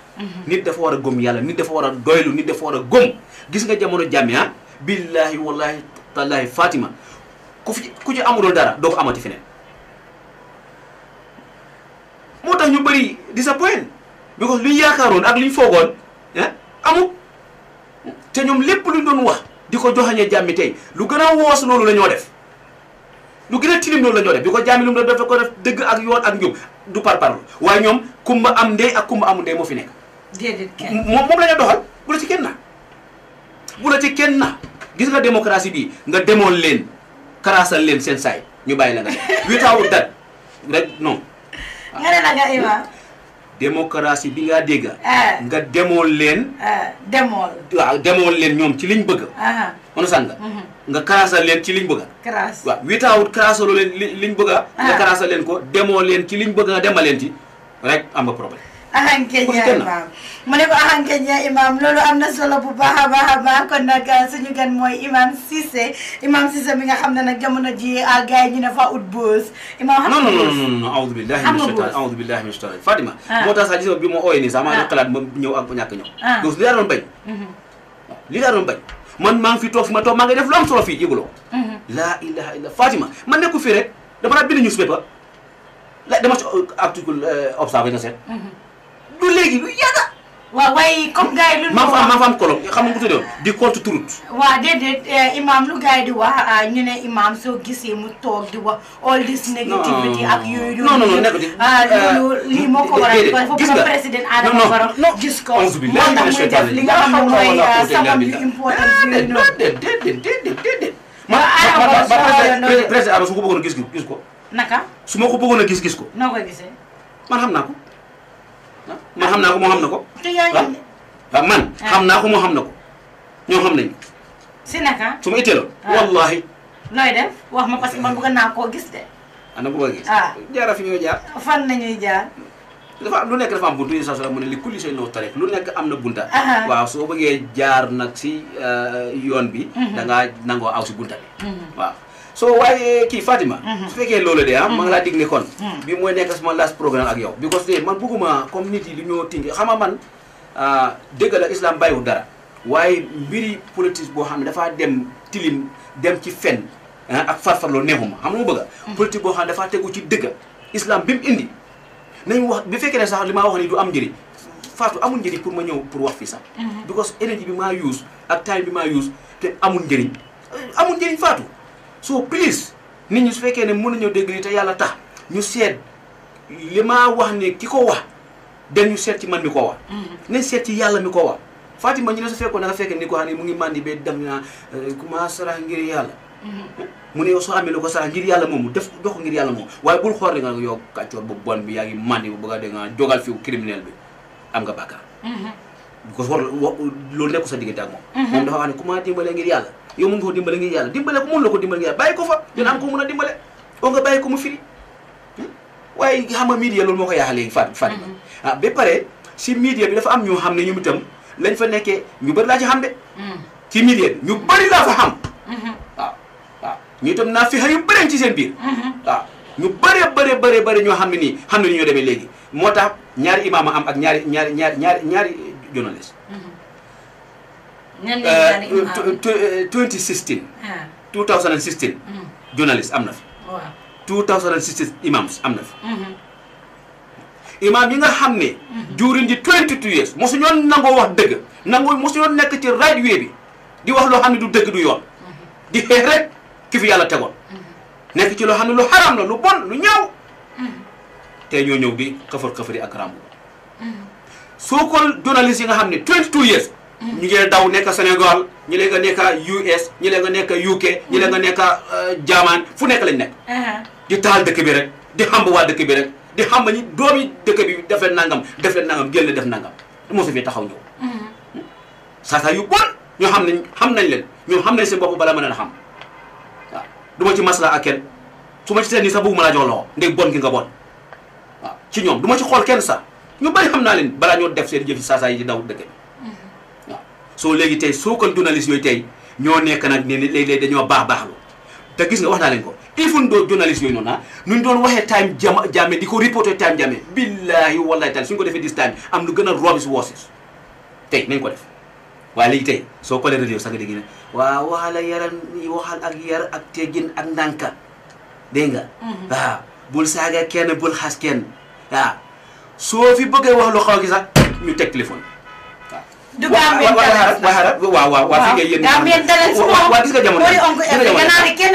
nit dafa war a gëm yàlla nit dafa war a doylu nit dafa war a gëm gis nga jamono jàmm ah? billahi wallahi tallahi Fatima ku fi ku ci amuloon dara doo ko amati feneen moo tax ñu bëri disappoint because lu ñu yaakaaroon ak lu foogoon amul te ñoom lépp lu ñu doon wax di ko joxañee jàmmi tey lu gën a woos loolu la ñoo def lu gën a tilim loolu la ñoo def bi ko jàmmi lu mu def ko def dëgg ak yoon ak njub du par parlu waaye ñoom kumba am ndey ak kumba amul ndey moo fi nekk. déedéet kenn moom moom doxal bu la ci kenn na bu la ci kenn gis nga démocratie bi nga demoon leen karaasal leen seen saay ñu bàyyi na nga without that rek non. nga ne la nga Iba. démocratie bi ngaa dégg. Eh. nga demoon leen. Eh, demoon. waaw demoon leen ñoom ci liñ bëgg. on ah. sàn nga. Mhm. nga karaasal leen ci liñ bëgg. karaas waaw without karaasalu leen li liñ bëgg. Ah. nga karaasal leen ko demoo leen ci liñ bëgg nga demaleen ci rek am nga problème. ahanke ñaa imaam mu ne ko ahanke ñaa imaam loolu am na solo bu baax a baax a kon nag ah, suñu gan mooy imaam Cissé imaam Cissé mi nga xam ne nag jamono ji ah, gars ñu ne fa ut imaam xam nga boos non non non aoudu min shaytan aoudu billahi min shaytan Fatima ah. moo tax sax gis nga bi ma ooyee nii sax maa ngi xalaat ma ñëw ak ñàkk ñëw donc li daa doon bañ mm-hmm. li daa doon bañ man maa ngi fi toog fi ma toog maa ngi def lu am solo fii yëguloo mm-hmm. laa ilaha illa Fatima man nekku fii rek dama naa bind léegi lu yàgg a. waaw waaye comme gars yi lu. ma faam ma faam kolom xam nga bu tuddoon di compte turut. waaw déedéet eh, imaam lu gars yi di wax ah, ñu ne imaam soo gisee mu toog di wax all this negativity ak yooyu. non non non nekkati ah, euh, loolu lii moo ko waral. gis nga président Adama Barrow gis ko moo tax muy def li nga xam ne mooy ah, sabab yu important yooyu noonu. déedéet déedéet déedéet. ma ma ma président Adama su ko bëggoon a gis gis ko. naka su ma ko bëggoon a gis gis ko. noo koy gisee. man xam naa ko. man xam naa ko moo xam na ko. waaw man. Ah. xam naa ko moo xam ne ko ñoo xam nañu. si naka. su ma ittee la. Ah. wallahi looy def wax ma parce que man bëgg naa koo gis de. ana ko bëgg gis. Ah. jaara fi ñoo jaar. fan nañuy jaar. dafa am lu nekk dafa am buntu yi saa sala mu ne li kulli shay noo tarek lu nekk am na bunta waaw soo bëggee jaar nag si euh, yoon bi mhm. da ngaa nangoo aw si bunta mhm. waaw soo waaye kii Fatima. Mhm. su fekkee loolu de ah. ma ngi laa mhm. digle kon. Mhm. bi mooy nekk suma last programme ak yow. because de man bëgguma comme nit yi lu ñoo tingi xam nga man ah, dëgg la islam bàyyiwul dara waaye mbiri politique boo xam ne dafaa dem tilim dem ci fen ah, ak farfarloo neexuma xam nga mu bëgg politique boo xam ne dafaa tegu ci dëgg islam bi mu indi nañ wax bi fekkee ne sax li ma wax nii du am njëriñ. Fatou amul njëriñ pour ma ñëw pour wax fii sax. because bi maa use ak time bi maa use te amul njëriñ so please nit ñi su fekkee ne mën nañoo dégg ni te yàlla tax ñu seet li ma wax ne ki ko wax dañu seet ci man mi ko wax mm-hmm. ne seet ci yàlla mi ko wax Fatima ñu ne su fekkoon da nga fekk ni ko xam ne mu ngi màndi ba dem naa euh, kuma sarax ngir yàlla mm-hmm. mu ne yow soo amee lu ko sarax ngir yàlla moomu def jox ko ngir yàlla moomu waaye bul xool rek nga yow kàccoor bu bon bi yaa ngi màndi bu bëgg a nga jogal fi criminel bi am nga bàkkaar mm-hmm. because war loolu nekku sa diggante ak moom mhm. moom dafa wax ne ku ma dimbale ngir yàlla yow mun nga ko dimbale ngir yàlla dimbale ko mun la ko dimbale ngir yàlla bàyyi fa mhm. dina am ko mun a dimbale oo nga bàyyi mu firi hmm? waaye xam nga ñu mhm. ah, xam ne ñoom itam lañ fa nekkee ñu bëri laa ci xam de ci media bi ñu bëri laa fa xam waaw ah, ah. ñu itam naa fi xar yu bëri ci seen biir waaw ñu bëree bëree bëree ñoo xam ne nii xam ne ni ñoo demee léegi moo tax ñaari imaam am ak ñaari ñaari journalist. Mm-hmm. ñan lañ 2016. 2016. journalist am na fi. waaw 2016 imams am na fi. Mm-hmm. imaam yi nga xam ne. during the mosu ñoon nangoo wax dëgg nangu mosu ñoon nekk ci right bi di wax loo xam ne du dëgg du yoon. Mm-hmm. di xeex ki fi yàlla tegoon. nekk ci loo xam ne lu xaram la lu bon lu ñaaw. te ñoo ñëw di kafar kafari ak rambu. soo ko journaliste yi nga xam ne 22 years. ñu ngi daw nekk Sénégal ñu leen nga nekk US ñu leen nga nekk UK. ñu leen nga nekk euh, Jaamaan fu nekk lañ nekk. Uh-huh. di taal dëkk bi rek di xamb waa dëkk bi rek di xamb ñi doomi dëkk bi def leen nangam def leen nangam génn def nangam mosu fi taxaw ñëw. Uh-huh. saa yu bon ñoo xam nañ xam nañ leen ñoom xam nañ seen bopp bala mën a xam waaw du ci masla ak kenn su ma ci seen nii sax bëgguma laa jox loxo ndeg bon gi nga bon ci ñoom du ci xool kenn sax. ñu bari xam naa leen balaa ñoo def seen saa saasaa yi di daw dëkk mm-hmm. soo léegi tey suukal journaliste yooyu tey ñoo nekk nag ne ni lee léeg dañoo baax baax lu te gis nga wax naa leen ko il faut doo journaliste yooyu noonu ah nuñ doon waxee time jam jàmme di ko reporté time jàmme billaahi wallaahi taala suñ ko defee dis time am lu gën a robis woosis tey nañ ko def waaye léegi tey soo ko kolee rajo sax nga dégg ne waaw waxala yaran waxal ak yar ak teggin ak ndànka dégg nga mm-hmm. waaw bul saaga kenn bul xas kenn waaw soo fi bëggee wax lu xaw gi sax ñu teg téléphone. du gambien dalal waaw waaw waaw waaw fi ngay yéen. gambien dalal si moom waaw gis nga jamono ji gis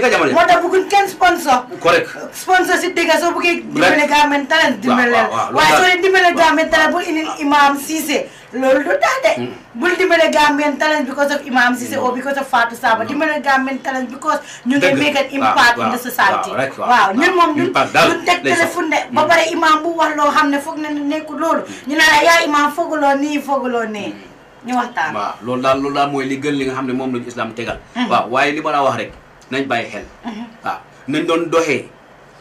nga jamono ji moo tax bëgguñ kenn sponsor. correct sponsor si dëgg soo bëggee dimbale gambien talent dimbale waaye soo leen dimbale gambien talent bu indi imam Cissé loolu du tax de. Mm. bul dimbale Gambian talent because of Imam Ceesay mm. or because of Fatou Saba mm. dimbale Gambian talent because ñu ngi make an impact in the society. waaw ñun moom ñun teg téléphone de. ba pare imam bu wax loo xam ne foog na nekkul loolu ñu ne la yaa imam foogaloo nii foogaloo nee. ñu waxtaan waaw loolu daal loolu daal mooy li gën li nga xam ne moom lañu islam tegal. Mm-hmm. waaw waaye li ma la wax rek nañ bàyyi xel. Mm-hmm. waaw nañ doon doxee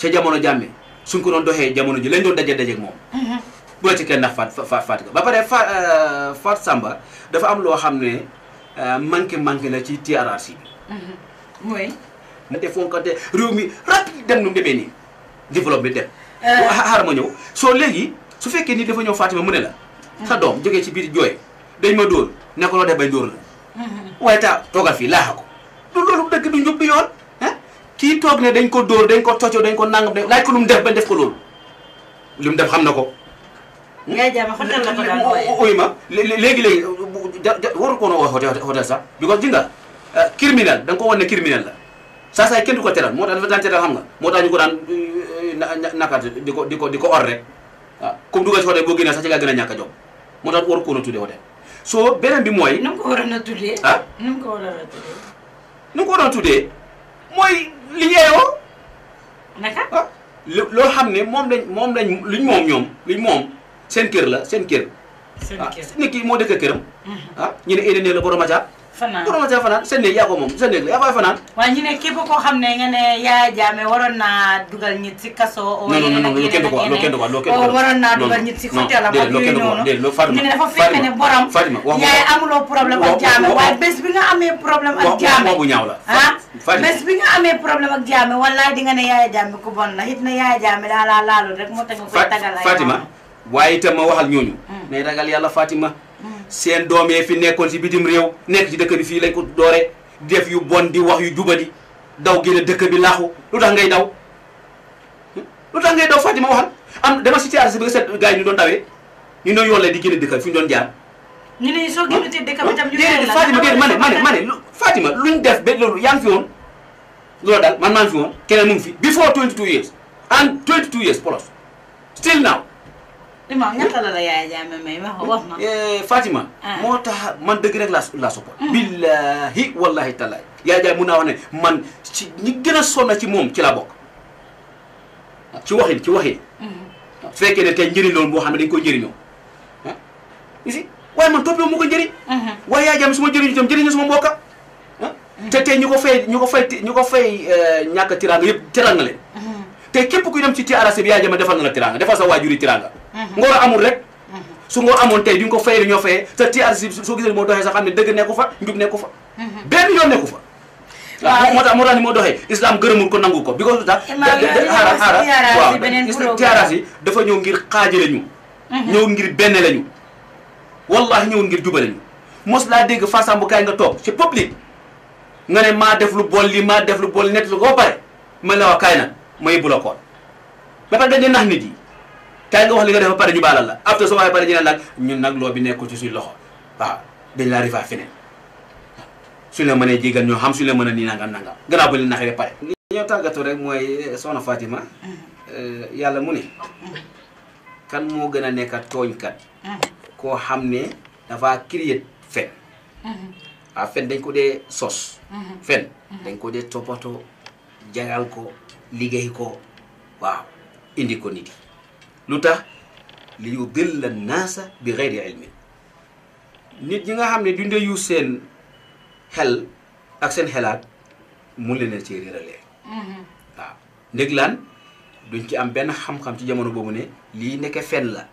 ca jamono jàmme suñ ko doon doxee jamono ji lañ doon daje dajeeg moom. Mm-hmm. bu la ci kenn ndax faat faat ko ba pare fa euh, Fatou Samba dafa am loo xam ne euh, manqué manqué la ci TRRC bi. mooy. Mm-hmm. na te fonkante réew mi rapide dem nu mu demee nii développement dem. Euh. xaar ma ñëw soo léegi su fekkee ni dafa ñëw Fatima mu ne la. Mm-hmm. sa doom jógee ci biir jooy dañ ma dóor ne ko loo def bañ dóor la. Mm-hmm. waaye taa toogal fii laaxa ko du loolu dëgg du njub du yoon. kii toog ne dañ ko dóor dañ ko toccoo dañ ko nangam dañ laaj ko lu mu def bañ def ko loolu li mu def xam na ko. Ngaye Diama hôtel la ko daan wooyee uy ma léegi léegi waru ko woon sax because ji nga euh, criminel da nga ko wan ne criminel la saa saa kenn du ko teral moo tax dafa daan teral xam nga moo tax ñu ko daan euh, nakaat di ko di di ko or rek waaw comme dugal a ñàkk a jom moo tax waru ko woon a tuddee hôtel soo beneen bi mooy. nu mu ko waroon a tuddee. ah nu mu ko waroon a tuddee. nu mu ko waroon a tuddee mooy li yeewoo. naka. Ah, loo xam ne moom lañ moom lañ luñ moom ñoom luñ moom. seen kër la seen kër. seen ah, moo dëkk këram. Mhm. ah ñu ne indi la borom a jaar. fanaan borom a yaa fanaan. waaye ñu ne képp koo xam ne nga ne Yaya Jammeh waroon naa dugal nit si kaso. oo yeneen ak ne dafa fekk la. Ah? Fatima bés bi nga amee problème ak Jammeh wallaay ku bon la it na Yaya Jammeh daa laa rek moo tax nga koy tagal ay Fatima waaye itam ma waxal ñooñu mm. nay ragal yàlla Fatima mm. seen doom fi nekkoon si bitim réew nekk ci dëkk bi fii lañ ko doore def yu bon di wax yu jubadi daw génn dëkk bi laaxu lu tax ngay daw hm? lu tax ngay daw Fatima waxal am dama si théâtre bi nga seet gars yi ñu doon dawee ñu doon yoolee di génn dëkk fi ñu doon jaar ñu ne soo génn te dëkk bi tam ñu déedéet Fatima déedéet ma ne ma ne ma ne Fatima def ba loolu yaa ngi fi woon loolu daal man maa ngi fi woon keneen mu ngi fi before 22 li ma ñaka la yaay jaay ma may wax wax ma eh fatima moo tax man dëgg rek laa laa sopp billahi wallahi taala ya, ya, man ci ñi gën a sonna ci moom ci la bokk ci waxin ci waxin isi waaye man toppee mu ko njëriñ hmm. waaye yaay jaam suma njëriñ itam njëriñ suma mbokka hmm. te tey ñu ko fay ñu ko fay ñu ko fay eh, ñàkk tiraanga yëpp tiraanga leen hmm. te képp kuy dem ci ci arasé bi yaay defal na la tiraanga defal sa waajuri tiraanga ngor amul rek su ngor amoon tey duñ ko fayee li ñoo fayee te TRC soo gisee moo doxee sax xam ne dëgg nekku fa njub nekku fa benn yoon nekku fa waaw moo tax moo tax ni moo doxee islam gërëmul ko nangu ko eh, bi ko tax xaaral xaaral waaw dafa ñëw ngir xaajale ñu mhm. ñëw ngir benn lañu wallahi ñëw ngir jubale ñu mos laa dégg façam bu kaay nga toog ci public nga ne maa def lu bool li maa def lu bool nett lu ko ba pare man la kaay na may bu la koon ba nax nit yi la after soo waxee pare ñu bi nekkul ci suñ loxo waaw dañ laa rifaa la mënee jégal ñoo xam suñ la mën a nii nangam nangam gannaaw bu mooy eh, soxna Fatima eh, yàlla mu ne kan moo gën a nekka tooñkat koo xam ne dafa créer fen ah, fen dañ ko dee sos fen dañ ko dee toppatoo jagal ko liggéey ko waaw indi ko nit lu tax li yudilla naasa bi geyri ilmin nit ñi nga xam ne duñ yu seen xel ak seen xelaat mun leen cee réeralee mm-hmm. waaw ndég laan duñ ci am benn xam-xam ci jamono boobu ne lii nekke fen la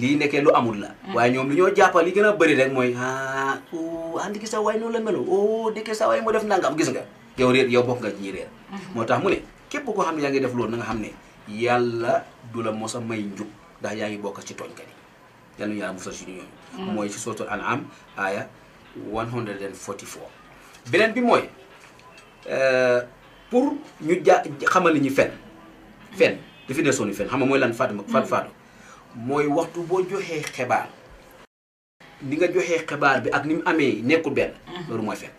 lii nekkee lu amul la mm. waaye ñoom li ñoo jàppal li gën a bari rek mooy a ah oh, ndiki sa la melu o oh, ndiki sa def nangam gis nga yow réer yow bokk nga ci ñi réer mm-hmm. moo tax mu ne képp koo xam ne yaa ngi def loolu na nga xam ne yàlla du la mos a may njub ndax yaa ngi bokk ci tooñkat yi yal na yàlla musal si ñooñu. Mm. mooy ci sootul an'am aaya 144. beneen bi mooy euh, pour ñu ja xamal ni fen fen dafi soon soonu fen xam mooy lan faatu mm. faatu faatu mooy waxtu boo joxee xibaar ni nga joxee xibaar bi ak ni mu amee nekkul benn mm. loolu mooy fen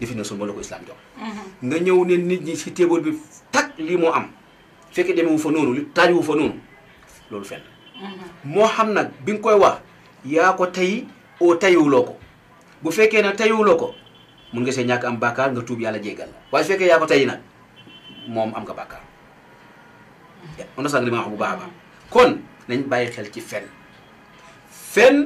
définition moo la ko islam jox mm-hmm. nga ñëw ne nit ñi si téebal bi tak lii moo am fekkee deme fa noonu li taaj wu fa noonu loolu fenn moo xam nag bi nga koy wax yaa ko tey oo tayuwuloo ko bu fekkee ne tayuwuloo ko mun nga see ñàkk am bàkkaar nga tuub yàlla jéggal la waaye su fekkee yaa ko tey nag moom am nga bàkkaar on bu baax a kon nañ bàyyi xel ci fen fen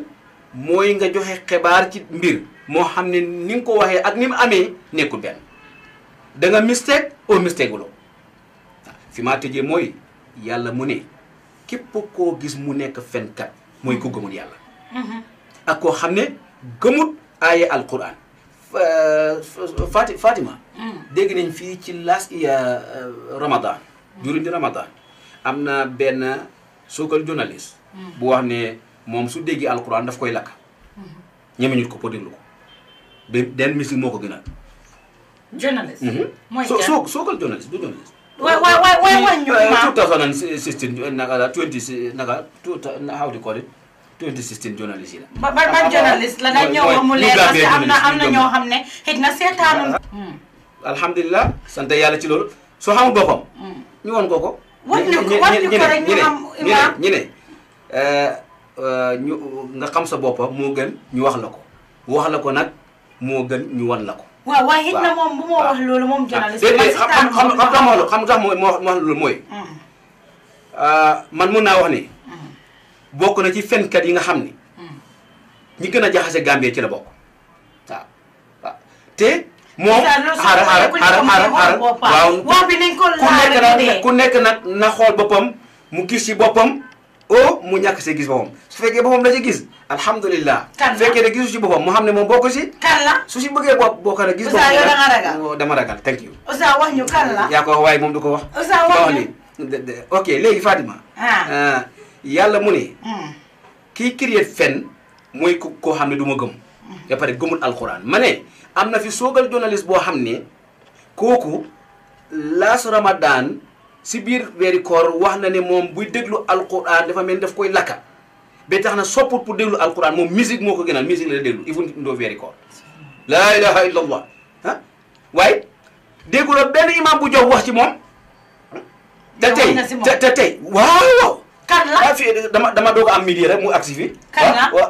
mooy nga joxe xebaar ci mbir moo xam ne ni nga ko waxee ak ni mu amee nekku benn da nga mistake au mistake fi maa tëjee mooy yàlla mu ne képp koo gis mu nekk fenkat mooy ko gëmul yàlla mm-hmm. ak koo xam ne gëmut aaye alquran fati fatima mm. dégg nañ fii ci laas iya euh, ramadan mm. di ramadan am na benn sokal journaliste mm. bu wax ne moom su déggee alquran daf koy lakk mm-hmm. ñemeñut ko pour ko ba den moo ko gënal journaliste mm-hmm. mooy du journaliste Why, why, why, why, why you, uh, eh, 2016, naga, 20, naga, two, eh, how do you call it? 2016 journalist yi la. ba ban journalist la nga ñëw mu leer parce que am na am na ñoo xam ne xëy na seetaanu. Ah, hmm. alhamdulilah sant yàlla ci loolu soo xamul boppam. Hmm. ñu woon ko ko. wan ñu ko wan ñu ko rek ñu am imaam ñu ne ñu nga xam sa boppam moo gën ñu wax la ko wax la ko nag moo gën ñu wan la ko. waaw waaye xëy na moom bu ma wax loolu moom journaliste. xam xam xam moo xam tax moo wax loolu mooy. Mm. Euh, man mun naa wax ni. Mm. bokk na ci fenkat yi nga xam ni. Mm. ñi gën a jaxase Gambie ci la bokk waaw waaw te. moom xaaral xaaral xaaral xaaral waaw ku nekk nag na xool boppam mu gis ci boppam. o mu ñàkk se gis boppam su fekkee boppam la ci gis alhamdulilah. kan su fekkee ne gisu ci boppam mu xam ne moom bokk si. kan su si bëggee bopp bokk na gis. boppam dama ragal oh, dama ragal thank you. Ousseyn waaye moom du ko wax. Ousseyn wax ñu ok léegi Fatima. Ah. Ah, yàlla mu ne. Hmm. kii créé fen mooy ku koo xam ne duma ma gëm. Hmm. ba pare gëmul alxuraan ma ne am na fi soogal journaliste boo xam ne kooku laasu Ramadan. si biir weeri koor wax na ne moom buy déglu alquran dafa mel daf koy lakka ba tax na sopput pour déglu alquran moom musique moo ko gënal musique la déglu il faut ndoo weeri koor laa waaye déggu benn imam bu jox wax ci moom te tey te tey waaw kan la dama doog am midi rek mu agsi fii.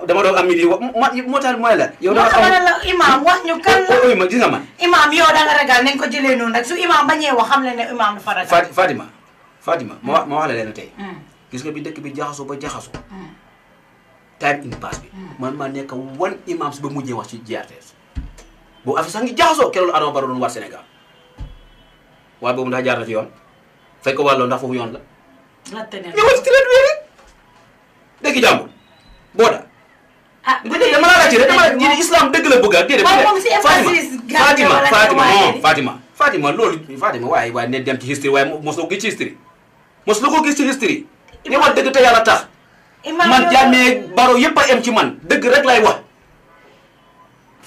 dama doog am midi wa ma moo tax mooy la. yow dama xamul la imaam wax ñu kan la oh, oh, oh, ma gis nga man. imaam yow da nga ragal nañ ko jëlee noonu rek su imaam bañee wax xam le ne imaam dafa ragal. Fatima mm. la leen tey. Mm. gis nga ba jaxasoo. Mm. time in pass bi. man nekk wan imaam si ba mujjee wax ci GRTS. boobu affaire sax ngi jaxasoo keroog Adama Barrow doon war Sénégal waaye boobu ndax jaar na yoon fekk ko wàllu ndax foofu yoon la. ñëwal si traite bi rek. dégg jàmbur booda. ah bu dee dama la laajte rek dama la islam dëgg la bëgg a. déedéet Fatima Fatima non Fatima. Fatima loolu Fatima waaye waaye ne dem ci history waaye mosoo ko gis ci history mosoo ko gis ci history. dëgg te yàlla tax. man jàmmee baro yëpp em ci man dëgg rek lay wax.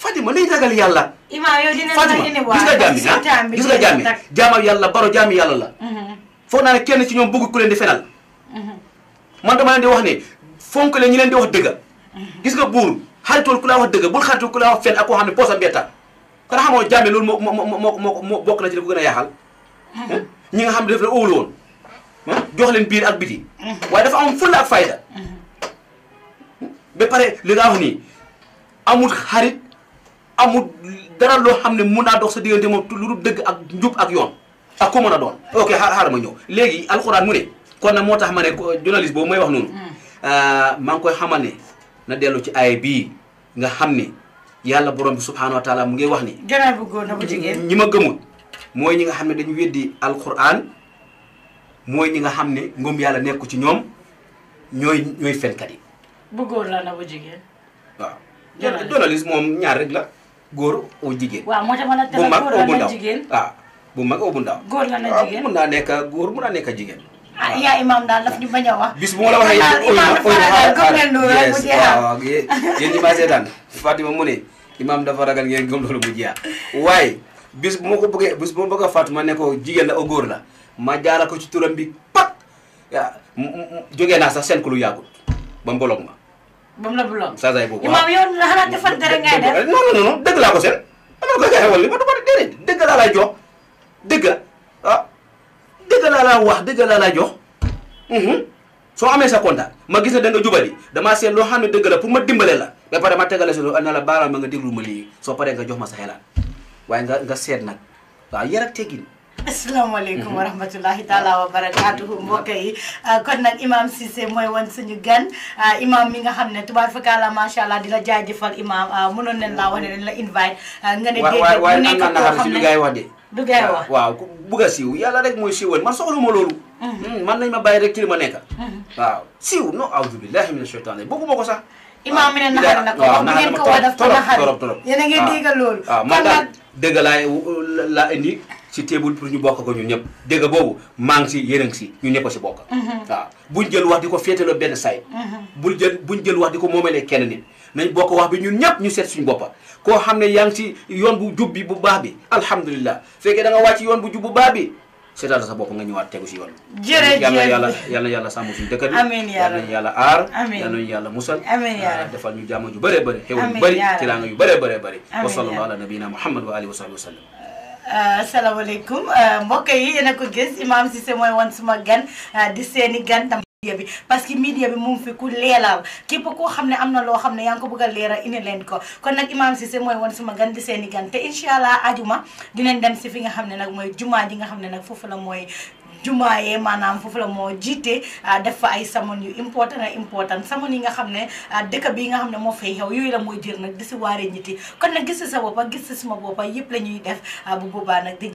Fatima liy ragal yàlla. Imaam yow dina la indi waay Fatima gis nga ah? ah? jaamal yàlla baro jaami yàlla la. Mm-hmm. foog naa kenn ci ñoom bëgg ku leen di fenal man dama leen di wax ne fonk leen ñi leen di wax dëgga gis nga buur xaritool ku laa wax dëgg bul xaritool ku laa wax fen koo xam ne poosam betta kon xamoo jàmme loolu moo moo moo moo bokk na ci li ko ñi nga xam ne daf la jox leen biir ak biti waaye dafa am fulla ak fayda ba pare li wax nii amul xarit amul dara loo xam ne mun naa dox sa diggante moom lu dul dëgg ak njub ak yoon ak ko mën a doon ok xaaral ma ñëw léegi alxuraan mu ne kon nag moo tax ma ne journaliste boobu may wax noonu mm. ah, maa ngi koy xamal ne na dellu ci ay bii nga xam ne yàlla borom bi subhaanahu wa mu ngi wax ni gannaaw bu góor na bu jigéen ñi ma gëmul mooy ñi nga xam ne dañu weddi alxuraan mooy ñi nga xam ne ngëm yàlla nekku ci ñoom ñooy ñooy fenkat yi bu góor la na bu jigéen waaw journaliste moom ñaar rek la góor oo jigéen waaw bu mag oo bu ndaw waaw bu mag bu ndaw gor la na jigen mun naa nekk góor mun naa nekk jigéen ah, ah, ah. Ya, imam dalaf. daf ñu bañ wax bis bu ma la waaw ñi Fatima mu ne imam dafa ragal ngeen gëm loolu mu jeex waaye bis bu ma ko bis bu ma Fatima ne ko jigéen la o góor la ma jaara ko ci turam bi pat jógee naa sax seen ku lu yàggul ba mu ma ba la imam la defal dara ngay def non non non ko amal ko li ma lay jox dëgga ah dëgg laa laa wax dëgg laa laa jox mhm. soo amee sa kontaan ma gis ne da nga jubali damaa seet loo xam ne dëgg la pour ma dimbale la mais pare ma tegale si loolu na la baaraam ma nga déglu ma lii soo paree nga jox ma sa xelaat waaye nga nga seet nag waaw yar ak teggin asalaamaaleykum mhm. wa rahmatullahi taala wa barakaatuhu mbokk yi ah, kon nag imam Cissé mooy woon suñu gan ah, imam mi nga xam ne tubaar fakala macha allah di la jaajëfal imam ah, mënoon nañ laa wax ne dañ la invite nga ne dégg mu nekk du gay wax waaw ku bugg a siiw yàlla rek mooy siiwal man soxlu ma loolu. Mhm. Hmm, man nañ ma bàyyi rek ci a ma nekk. Mhm. waaw siiw non audu billahi ko sax. imaam mi ne naxari na ko waaw ngeen ko a def ko naxari torop a ngi ah, dégg loolu. waaw ah, man daal dëgg laay laa indi si table pour ñu bokk ko ñun ñëpp dëgg boobu maa si yéen a ngi si ñu ñëpp a si bokk. Mhm. waaw buñ jël wax di ko féetaloo benn say. buñ jël jël wax di ko moomelee kenn nit nañ boko wax bi ñun ñep ñu sét suñu bop ko xamné yang ci si yoon bu jub bi bu baax bi alhamdulillah fekkee da nga wacc yoon bu jub bu baax bi seetal sa bop nga ñëwaat téggu ci yoon jërëjëf yàlla yalla yalla yalla sàmm suñu dëkk bi amiin yalla yàlla yàlla aar amiin musal amin yalla ah, defal ñu jamm ju bëree bëri xew yu bëri ya nga yu bëree bëree bëri ya wa sallallahu ala nabiyina muhammad wa alihi wa sahbihi sallam uh, asalaamaaleykum uh, mbokk yi yéen ko gess imam Cissé moy woon suma gan uh, di seeni gan bi parce que media bi mu ngi fi leeral képp koo xam ne am na loo xam ne yaa ngi ko bëgg a leeral indi leen ko kon nag Imam Ceesay mooy woon suma gan di seeni gan te incha ajuma dinañ dem si fi nga xam ne nag mooy jumaa ji nga xam ne nag foofu la mooy jumaaye maanaam foofu la moo jiite ah, def fa ay samon yu important ak important samon yi nga xam ne ah, dëkk bi nga xam ne moo fay xew yooyu la mooy jër nag di si waare ñiti kon nag gis sa boppa gis si suma boppa yëpp la ñuy def ah, bu boobaa nag